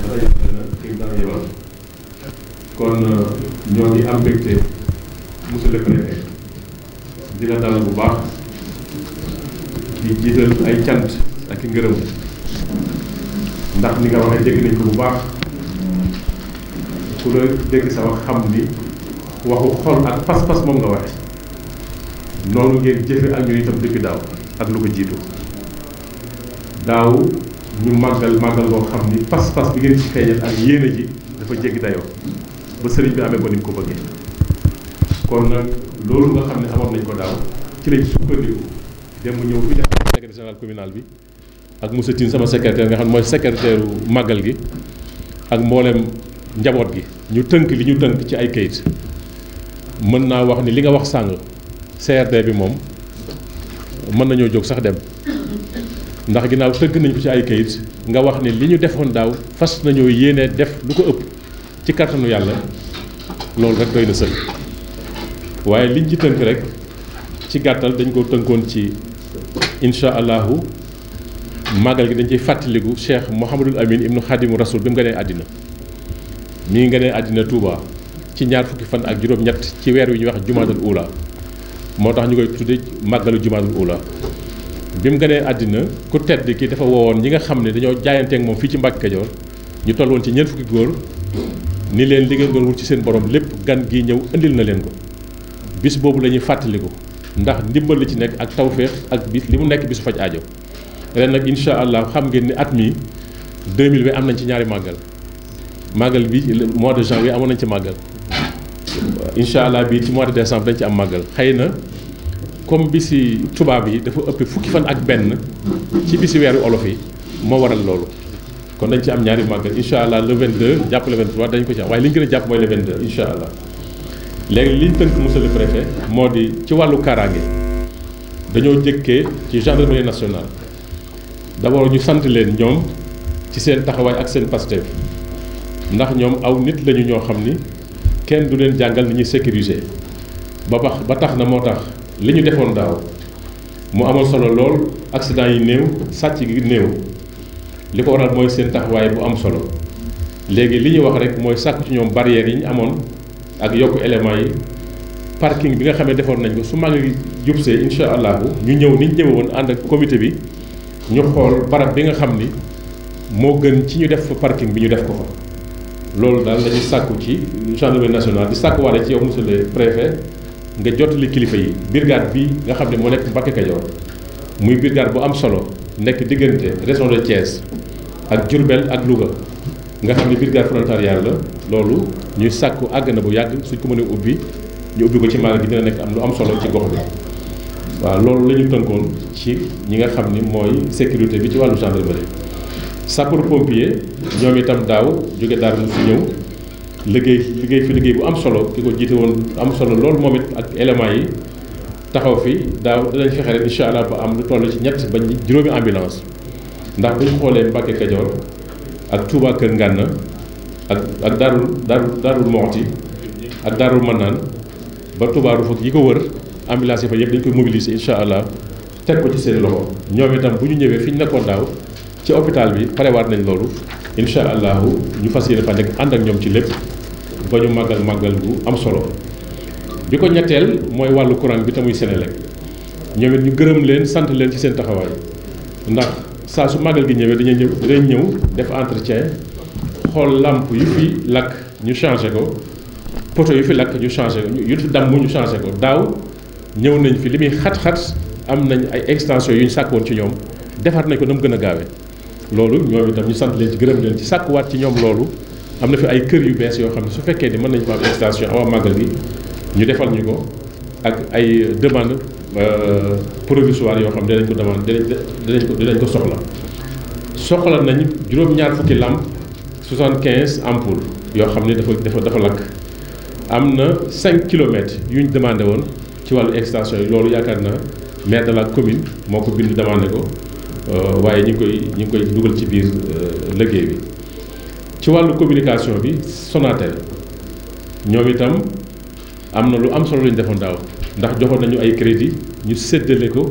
nekk sa yëpp dana président yebal kon euh, ñoo ngi am mbégte monsieur le préfet di la bu baax di jiital ay cant ak i ngërëm ndax ni nga waxee dégg nañ ko bu baax ku la dégg sa wax xam ni waxu xol ak pas-pas moom nga waxe noonu ngeen jëfe ak ñun itam depuis daaw ak lu ko jiitu daaw ñu màggal màggal boo xam ni pas-pas bi ngeen ci feeñal ak yéene ji dafa jéggi dayoo ba sëriñ bi amee ko ni ko bëggee kon nag loolu nga xam ne amoon nañ ko daal ci lañ sukkandiku dem ñëw fi jaxal secrétaire général communal bi ak monsieur Tine sama secrétaire nga xam ne mooy secrétaire màggal gi ak mboolem njaboot gi ñu tënk li ñu tënk ci ay kayit mën naa wax ni li nga wax sàng CRD bi moom mën nañoo jóg sax dem ndax ginnaaw tëgg nañ ko ci ay kayit nga wax ne li ñu defoon daaw fas nañoo yéene def lu ko ëpp ci kattanu yàlla loolu rek doy na sëkk waaye liñ ci tënk rek ci gàttal dañ ko tënkoon ci incha allahu màggal gi dañ ci fàttaliku cheikh Mouhamadul Amin ibnu Khadimu Rasul bi mu gënee àddina mi ngi àddina Touba ci ñaar fukki fan ak juróom-ñett ci weer wi ñuy wax jumaatul ula moo tax ñu koy tudd màggalu jumaatul ula bi mu gënee àddina ku tedd ki dafa woowoon ñi nga xam ne dañoo jaayanteeg moom fii ci Mbàkke Kajoor ñu toll woon ci ñeent fukki góor ni leen li ngeen doon wut ci seen borom lépp gan gi ñëw indil na leen ko bis boobu la ñuy fàttaliku ndax ndimbal la ci nekk ak tawféex ak bis li mu nekk bisu faj aajo ren nag incha allah xam ngeen ni at mi 2000 bi am nañ ci ñaari màggal màggal bi mois de janvier amoon nañ ci màggal incha allah bii ci mois de décembre dañ ci am màggal xëy na. comme bisi tubaab yi dafa ëpp fukki fan ak benn ci bisi weeru olof yi moo waral loolu kon dañ ci am ñaari màggal incha allah le 22 jàpp le ko ci am waaye li ñu gën a jàpp mooy le 22 allah léegi li ñu tënk monsieur le préfet moo di ci wàllu kaaraange dañoo jëkkee ci gendarmerie nationale d'abord ñu sant leen ñoom ci seen taxawaay ak seen Pastef ndax ñoom aw nit lañu ñoo xam ni kenn du leen jàngal ni ñuy sécuriser ba bax ba tax na moo tax. li ñu defoon daaw mu amal solo lool accident yi néew sàcc gi néew li ko waral mooy seen taxawaay bu am solo léegi li ñuy wax rek mooy sàkku ci ñoom barrières yi ñu amoon ak yokk éléments yi parking bi nga xam defoon nañ ko su mag yi jubsee incha allahu ñu ñëw ni ñu ñëwee woon ànd ak comité bi ñu xool barab bi nga xam ni moo gën ci ñu def fa parking bi ñu def ko fa loolu daal la ñuy sàkku ci gendarmerie nationale di sàkkuwaale ci yow monsieur le préfet. nga jottali kilifa yi brigade bi nga xam ne moo nekk Mbacké Kajoor muy brigade bu am solo nekk diggante région de Thiès ak Diourbel ak Louga nga xam ne brigade frontalière la loolu ñuy sàkku àgg na bu yàgg suñ ko mënee ubbi ñu ubbi ko ci magal bi dina nekk am lu am solo ci gox bi waaw loolu la ñu tënkoon ci ñi nga xam ni mooy sécurité bi ci wàllu gendarmerie sapeur pompier ñoom itam daaw jóge daar mu fi ñëw liggéey liggéey fi liggéey bu am solo ki ko jiite woon am solo loolu moom it ak éléments yi taxaw fi daaw dinañ fexe rek ba am lu toll ci ñett ba juróomi ambulance ndax bu ñu xoolee Mbacke Kajoor ak Touba Kër Ngànna ak ak Darou Darou Darou Moxti ak Darou Manaan ba Touba Rufuk yi ko wër ambulance yi fa yëpp dañ koy mobiliser incha allah teg ko ci seen loxo ñoom itam bu ñu ñëwee fi ñu nekkoon daaw ci hôpital bi parewaat nañ loolu. incha allahu ñu fas yéene fa nekk ànd ak ñoom ci lépp ba ñu màggal màggal bu am solo bi ko ñetteel mooy wàllu courant bi tamuy Senelec ñoom it ñu gërëm leen sant leen ci seen taxawaay ndax saa su màggal gi ñëwee dañuy ñëw ñëw def entretien xool làmp yu fi lakk ñu changé ko poto yu fi lakk ñu changé ko yu fi damm ñu changé ko daaw ñëw nañ fi li muy xat-xat am nañ ay extension yu ñu sàkkoon ci ñoom defar nañ ko na gën a gaawee loolu ñoom itam ñu sant leen ci gërëm leen ci waat ci ñoom loolu am na fi ay kër yu bees yoo xam ne su fekkee di mën nañu fa am station avant màggal ñu defal ñu ko ak ay demande euh, provisoire yoo xam ne dinañ ko demande dinañ ko dinañ ko soxla soxla nañ juróom-ñaar fukki làmp 75 ampoule yoo xam ne dafa dafa dafa lakk am na 5 kilomètres yu ñu demandé woon ci wàllu extension yi loolu yaakaar na maire de la commune moo ko bind demandé ko Euh, waaye ñi ngi koy ñi ngi koy dugal ci biir euh, liggéey bi ci wàllu communication bi Sonatel ñoom itam am na lu am solo luñ ñu defoon daaw ndax joxoon nañu ay crédit ñu séddale ko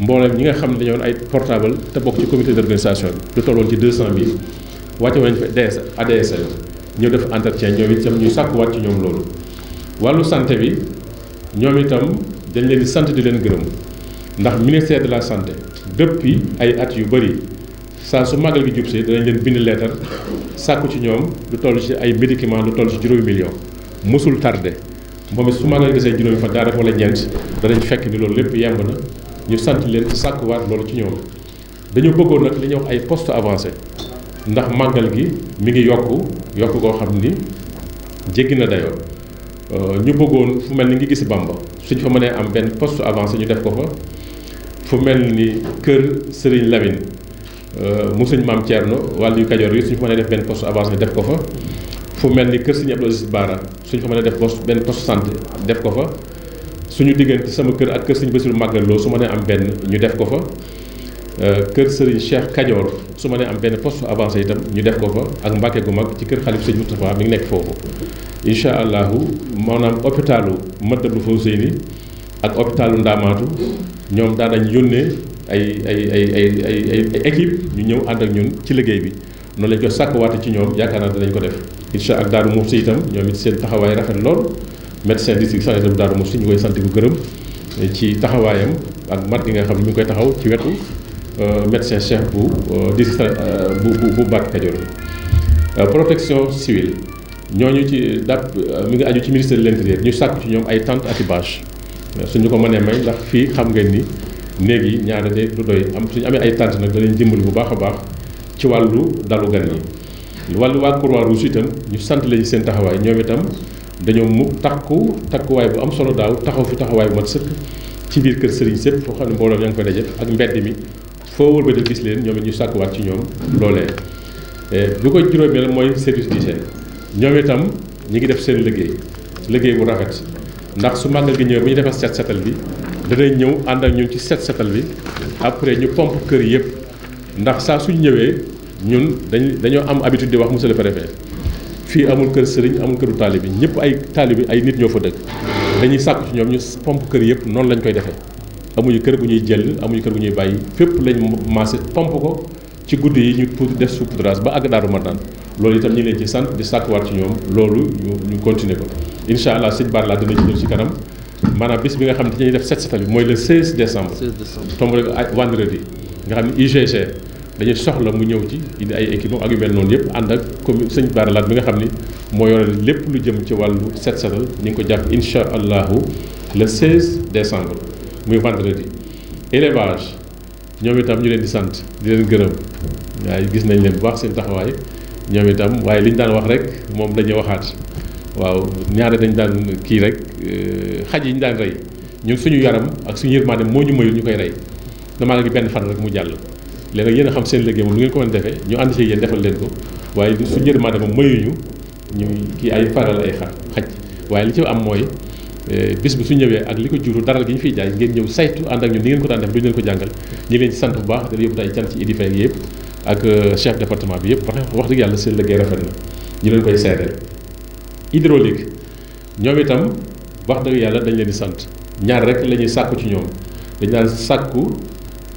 mboolem ñi nga xam ne ay portable te bokk ci comité d'organisation bi lu tolloon ci 200000 wàcce woon nañu fa DS ADSL ñëw def entretien ñoom itam ñuy sàkkuwaat ci ñoom loolu wàllu santé bi ñoom itam dañ leen di sant di leen gërëm ndax ministère de la santé depuis ay at yu bëri saa su màggal gi jub si danañ leen bind leetar sàkku ci ñoom lu toll ci ay médicament lu toll ci juróomi million mosul tardé moom it su màggal gisee juróomi fa daanaka wala ñeent danañ fekk ni loolu lépp yàngu na ñu sant leen ci sàkkuwaat loolu ci ñoom dañu bëggoon nag li ñuy wax ay poste avancé ndax màggal gi mi ngi yokk yokk koo xam ni jéggi na dayoo euh, ñu bëggoon fu mel ni ngi gis Bamba suñ fa mënee am benn poste avancé ñu def ko fa fu mel ni kër Serigne Lamine euh, mu sëñ maam Thierno wàllu yu Kajoor yi suñu fa mënee def benn poste avancé def ko fa fu mel ni kër Serigne Abdou Aziz Bara suñu fa mënee def poste benn poste santé def ko fa suñu diggante sama kër ak kër Serigne Bassirou Magal Lo su ma nee am benn ñu def ko fa euh, kër Serigne Cheikh Kajoor su ma nee am benn post avancé itam ñu def ko fa ak Mbàkke gu mag ci kër xalif sëñ Moustapha mi ngi nekk foofu incha allahu maanaam hôpitalu Matlaboul Fawzeyni ak hôpitalu Ndaamaatu ñoom daan nañ yónnee ay ay ay ay ay ay ñu ñëw ànd ak ñun ci liggéey bi noonu lañ ko sàkkwaate ci ñoom yaakaar naa danañ ko def incha ak Daaru Muxti itam ñoom it seen taxawaay rafet lool médecin district sanitaire bu Daaru Muxti ñu koy sant ko gërëm eh, ci taxawaayam ak mat gi nga xam ne ngi koy taxaw ci wetu euh, médecin chef bu euh, district euh, bu bu Mbacke Kadior protection civile ñooñu ci dàpp mi ngi aju ci ministère ñu sàkk ci ñoom ay tant ak i ñu ko mënee may ndax fii xam ngeen ni néeg yi ñaare de du doy am suñu amee ay tànt nag danañ dimbali bu baax a baax ci wàllu dalu gan yi wàllu waa Croix Rouge itam ñu sant leen seen taxawaay ñoom itam dañoo mu takku takkuwaay bu am solo daaw taxaw fi taxawaay bu mat sëkk ci biir kër sëriñ sëpp foo xam ne mbooloo ña ngi koy daje ak mbedd mi foo wër ba gis leen ñoom it ñu sàkkuwaat ci ñoom loolee eh, bu ko juróomeel mooy service d'hygiène ñoom itam ñi ngi def seen liggéey liggéey bu rafet ndax su màggal gi ñëwee bu ñu defee set setal bi danañ ñëw ànd ak ñun ci set setal bi après ñu pomp kër yëpp ndax saa suñ ñëwee ñun dañ dañoo am habitude di wax monsieur le préfet fii amul kër sëriñ amul këru bi ñëpp ay bi ay nit ñoo fa dëkk dañuy sàkku ci ñoom ñu pompe kër yëpp noonu lañ koy defee amuñu kër gu ñuy jël amuñu kër gu ñuy bàyyi fépp lañ maase pomp ko ci guddi yi ñu pour def saupoudrage ba àgg daaru Marnaan loolu itam ñi leen ci sant di sàkkuwaat ci ñoom loolu ñu continuer ko incha allah sëñ Barla dina ci ñëw ci kanam maanaam bis bi nga xam ne dañuy def set setal mooy le 16 décembre. 16 décembre tombe rek ay vendredi nga dañuy soxla mu ñëw ci indi ay équipe ak yu mel noonu yëpp ànd ak commune sëñ Baralaat bi nga xam ni moo yore lépp lu jëm ci wàllu set setal ñu ngi ko jàpp incha allahu le 16 décembre muy vendredi élevage. ñoom itam ñu leen di sant di leen gërëm waaye gis nañ leen bu baax seen taxawaay ñoom itam waaye li ñu daan wax rek moom la ñuy waxaat waaw ñaare dañ daan kii rek euh, xaj yi ñu daan rey ñun suñu yaram ak suñu yërmaande moo ñu mayul ñu koy rey damaa la gi benn fan rek mu jàll léegi nag yéen a xam seen liggéey moom lu ngeen ko mën defee ñu ànd ci yéen defal leen ko waaye suñu yërmaande moom mayuñu ñu kii ay faral ay xar xaj waaye li ci am mooy Eh, bis bi su ñëwee ak li ko juru daral gi ñu fiy jaay ngeen ñëw saytu ànd ak ñun ni ngeen ko daan def duñu leen ko jàngal ñu ngi leen ci sant bu baax di yóbbu ay cant ci Idi Faye yëpp ak euh, chef département bi yëpp wax wax dëgg yàlla seen liggéey rafet na ñu leen koy seedeel hydraulique ñoom itam wax dëgg yàlla dañ leen di sant ñaar rek la ñuy sàkku ci ñoom dañ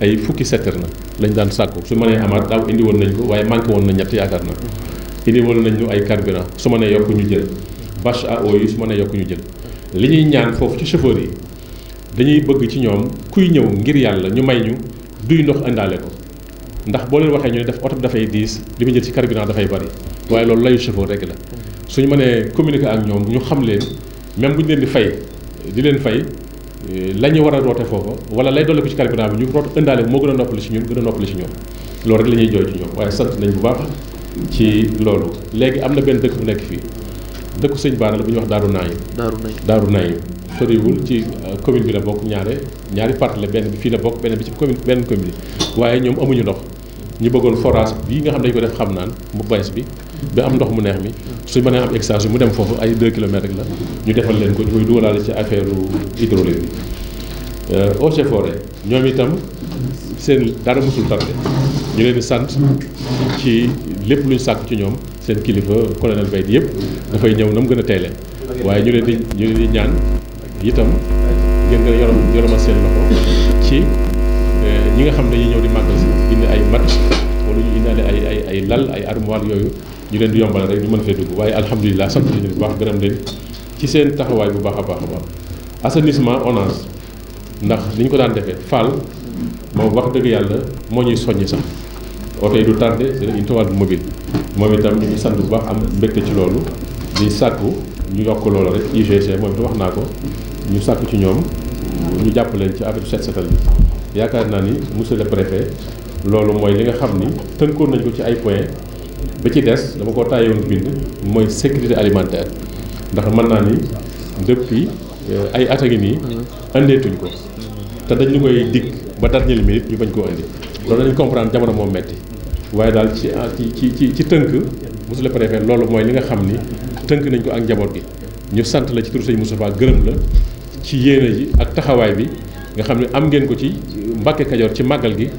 ay fukki secteur na lañ daan sàkku su ma nee amaat daaw indi woon nañ ko waaye manqué woon na ñett yaakaar na indi woon nañ ñu ay carburant su ma nee yokk ñu jël bâche à eau yi su ma nee yokk ñu jël li ñuy ñaan foofu ci chauffeur yi dañuy bëgg ci ñoom kuy ñëw ngir yàlla ñu may ñu duy ndox indaale ko ndax boo leen waxee ñu ne def oto bi dafay diis li mu jël ci carburant dafay bari waaye loolu layu chauffeur rek la suñu mënee communiquer ak ñoom ñu xam leen même bu ñu leen di fay di leen fay eh, la ñu war a roote foofa wala lay dolli ko ci carburant bi ñu root indaale moo gën a noppali ci ñun gën a noppali ci ñoom loolu rek la ñuy jooy ci ñoom waaye sant nañ bu baax ci loolu léegi am na benn dëkk bu nekk fii dëkku sëñ Baara la bu ñuy wax Daaru Naayim. Daaru Naayim Daaru Naayim soriwul ci euh, commune bi la bokk ñaare ñaari parti la benn bi fii la bokk benn bi ci commune benn commune waaye ñoom amuñu ndox ñu bëggoon forage bii nga xam dañu ko def xam naan mu bees bi ba am ndox mu neex mi suñ mënee am extension mu dem foofu ay 2 kilomètres rek la ñu defal leen ko ñu koy dugalaale ci affaire hydraulique bi euh, eaux et forêt ñoom itam seen dara musul tardé ñu leen di sant ci lépp lu ñu sàkk ci ñoom. seen kilifa colonel Mbaye yëpp dafay ñëw na mu gën a teelee waaye ñu leen di ñu leen di ñaan itam ngeen a yorom yoromal seen loxo ci eh, ñi nga xam ne dañuy ñëw di màggal si indi ay mat wala ñu indaale ay ay ay lal ay armoire yooyu ñu leen di yombale rek ñu mën fee dugg waaye alhamdulilah sant nañu bu baax gërëm leen ci seen taxawaay bu baax a baax a baax assainissement ONAS ndax ni ñu ko daan defee Fall moom wax dëgg yàlla moo ñuy soññ sax oto yi du tardé c'est une Touba mobile moom itam ñu ngi sant bu baax am mbégte ci loolu di sàkku ñu yokk loolu rek UGC moom itam wax naa ko ñu sàkku ci ñoom ñu jàpp leen ci affaire set setal bi yaakaar naa ni monsieur le préfet loolu mooy li nga xam ni tënkoon nañ ko ci ay point ba ci des dama ko tàyyewoon bind mooy sécurité alimentaire ndax mën naa ni depuis euh, ay at a ngi nii mm-hmm. ko te dañ ñu koy dig ba dernière minute ñu bañ koo indi loolu dañu comprendre jamono moom metti waaye daal ah, ci ci ci ci tënk monsieur le préfet loolu mooy li nga xam ni tënk nañu ko ak njaboot gi ñu sant la ci turu sëñ Moustapha gërëm la ci yéene ji ak taxawaay bi nga xam ne am ngeen ko ci Mbàkke Kajoor ci màggal gi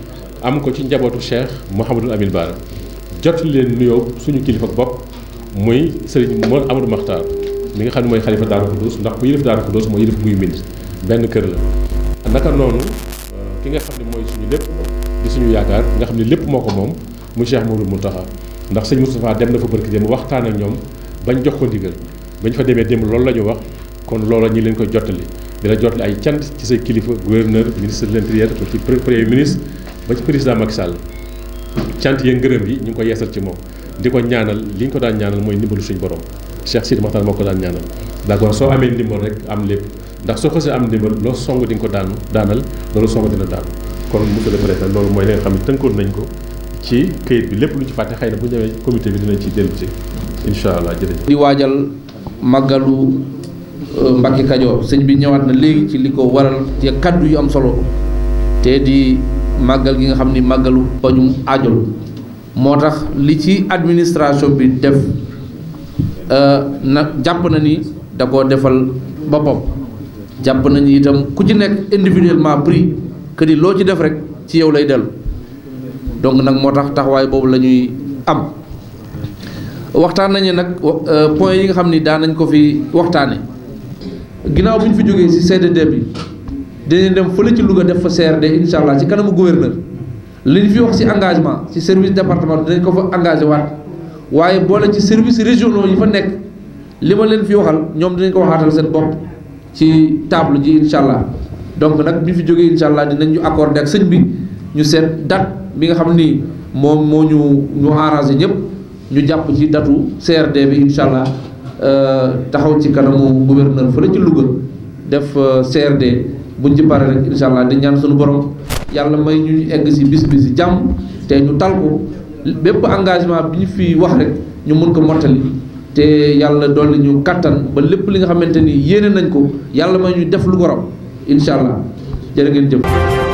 am ko ci njabootu Cheikh Mouhamadul Amin Baara jot leen nuyoo suñu kilifa bopp muy sëriñ Mor Amadou Makhtar mi nga xam ne mooy xalifa Daaru Xudoos ndax bu yëlif Daaru Xudoos mooy yëlif muy mbind benn kër la naka noonu ki nga xam ne mooy suñu lépp di suñu yaakaar nga xam ne lépp moo ko moom mu Cheikh Mouhamadou taxaw ndax sëñ Moustapha dem na fa barki dem waxtaan ak ñoom bañ jox ko ndigal bañ fa demee dem loolu la ñu wax kon loola ñi leen koy jottali di la jottali ay cant ci say kilifa gouverneur ministre de l'intérieur ba ci premier ministre ba ci président Macky Sall cant ya ngërëm yi ñu ngi ko yeesal ci moom di ko ñaanal li ñu ko daan ñaanal mooy ndimbalu suñu borom Cheikh Sidi Makhtar moo ko daan ñaanal d'accord soo amee ndimbal rek am lépp ndax soo xasee am ndimbal loo song di nga ko daanu daanal loolu song dina daanu kon monsieur le préfet loolu mooy li nga xam ne tënkoon nañ ko ci kayit bi lépp lu ci fàtte xëy na bu ñëwee comité bi dinañ ci dellu ci incha allah jërëjëf. di waajal màggalu euh, Mbacke Kajoor sëñ bi ñëwaat na léegi ci li ko waral te kaddu yu am solo te di màggal gi nga xam ni màggalu bañum aajol moo tax li ci administration bi def euh, nag jàpp na ni da koo defal boppam jàpp nañu itam ku ci nekk individuellement pris. que yi loo ci def rek ci yow lay dellu donc nag moo tax taxawaay boobu la ñuy am waxtaan nañu nag euh, point yi nga xam ni daan nañ ko fi waxtaane ginnaaw bu ñu fi jógee ci CDD bi dinañ dem fële ci Louga def fa CRD incha allah ci kanamu gouverneur li ñu fi wax ci engagement ci service départemental dinañ ko fa engagé waat waaye boole ci service régionaux yi fa nekk li ma leen fi waxal ñoom dinañ ko waxaatal seen bopp ci table ji incha allah. donc nag bi fi jógee incha allah dinañ ñu accordé ak sëñ bi ñu seet date bi nga xam ni moom moo ñu ñu arrangé ñëpp ñu jàpp ci datu CRD bi incha allah euh, taxaw ci kanamu gouverneur fële ci Louga def euh, CRD buñ ci pare rek incha allah di ñaan suñu borom yàlla may ñu ñu egg si bis bi jàmm te ñu tal ko bépp engagement bi ñu fi wax rek ñu mën ko mottali te yàlla dolli ñu kattan ba lépp li nga xamante ni yéene nañ ko yàlla may ñuy def lu ko incha allah jërë ngeen jëf